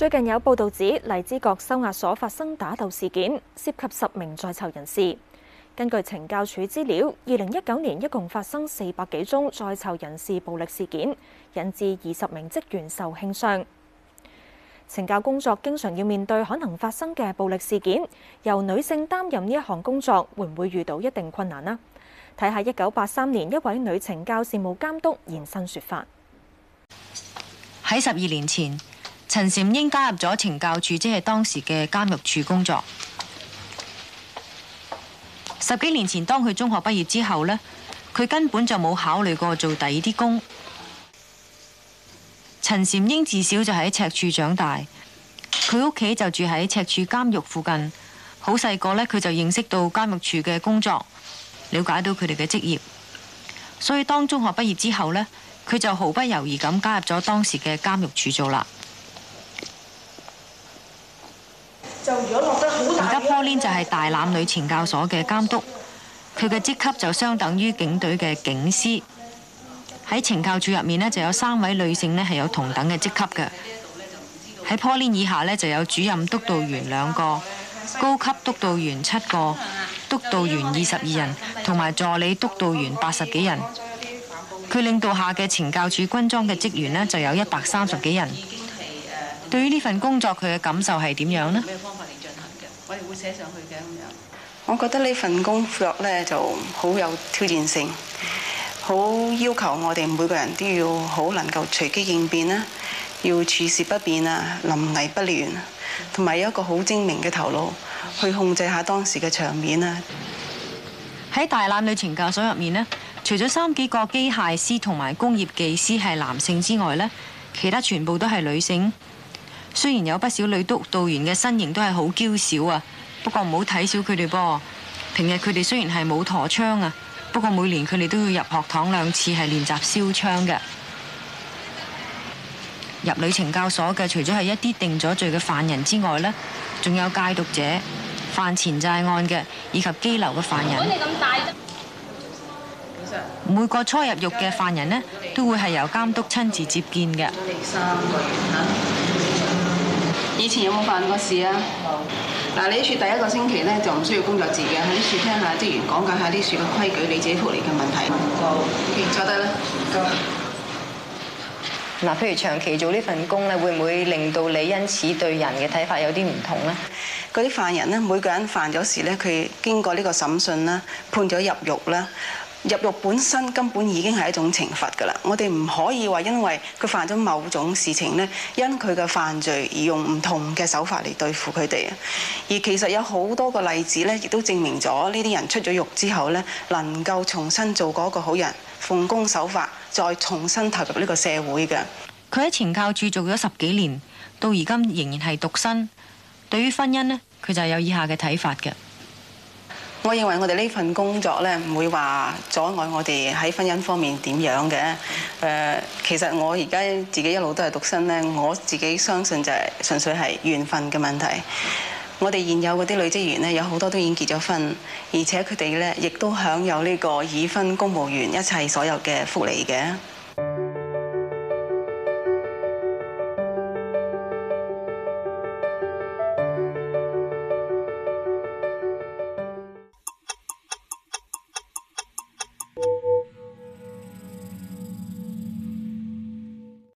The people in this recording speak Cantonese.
最近有報道指荔枝角收押所發生打鬥事件，涉及十名在囚人士。根據懲教署資料，二零一九年一共發生四百幾宗在囚人士暴力事件，引致二十名職員受輕傷。懲教工作經常要面對可能發生嘅暴力事件，由女性擔任呢一項工作，會唔會遇到一定困難呢？睇下一九八三年一位女懲教事務監督現身說法。喺十二年前。陳善英加入咗懲教處，即係當時嘅監獄處工作。十幾年前，當佢中學畢業之後呢，佢根本就冇考慮過做第二啲工。陳善英自小就喺赤柱長大，佢屋企就住喺赤柱監獄附近。好細個呢，佢就認識到監獄處嘅工作，了解到佢哋嘅職業，所以當中學畢業之後呢，佢就毫不猶豫咁加入咗當時嘅監獄處做啦。而家坡 a 就係大欖女前教所嘅監督，佢嘅職級就相等於警隊嘅警司。喺前教署入面呢，就有三位女性呢係有同等嘅職級嘅。喺坡 a 以下呢，就有主任督導員兩個，高級督導員七個，督導員二十二人，同埋助理督導員八十幾人。佢領導下嘅前教署軍裝嘅職員呢，就有一百三十幾人。對於呢份工作，佢嘅感受係點樣呢？咩方法嚟進行嘅？我哋會寫上去嘅咁樣。我覺得呢份工作咧就好有挑戰性，好要求我哋每個人都要好能夠隨機應變啦，要處事不變啊，臨危不亂啊，同埋有一個好精明嘅頭腦去控制下當時嘅場面啊。喺大欖女懲教所入面咧，除咗三幾個機械師同埋工業技師係男性之外咧，其他全部都係女性。雖然有不少女督導員嘅身形都係好嬌小啊，不過唔好睇小佢哋噃。平日佢哋雖然係冇陀槍啊，不過每年佢哋都要入學堂兩次係練習燒槍嘅。入女懲教所嘅，除咗係一啲定咗罪嘅犯人之外呢，仲有戒毒者、犯前債案嘅以及羈留嘅犯人。你咁大啫，冇錯。每個初入獄嘅犯人呢，都會係由監督親自接見嘅。三個人嚇。以前有冇犯過事啊？冇。嗱，你呢處第一個星期咧就唔需要工作字嘅，喺呢處聽下職員講解下呢處嘅規矩，你自己福利嘅問題。走好，坐低得啦。嗱，譬如長期做呢份工咧，會唔會令到你因此對人嘅睇法有啲唔同咧？嗰啲犯人咧，每個人犯咗事咧，佢經過呢個審訊啦，判咗入獄啦。入獄本身根本已經係一種懲罰㗎啦，我哋唔可以話因為佢犯咗某種事情呢，因佢嘅犯罪而用唔同嘅手法嚟對付佢哋啊。而其實有好多個例子呢，亦都證明咗呢啲人出咗獄之後呢，能夠重新做過一個好人，奉公守法，再重新投入呢個社會嘅。佢喺懲教署做咗十幾年，到而今仍然係獨身。對於婚姻呢，佢就係有以下嘅睇法嘅。我認為我哋呢份工作咧，唔會話阻礙我哋喺婚姻方面點樣嘅。其實我而家自己一路都係獨身咧，我自己相信就係純粹係緣分嘅問題。我哋現有嗰啲女職員咧，有好多都已經結咗婚，而且佢哋咧亦都享有呢個已婚公務員一切所有嘅福利嘅。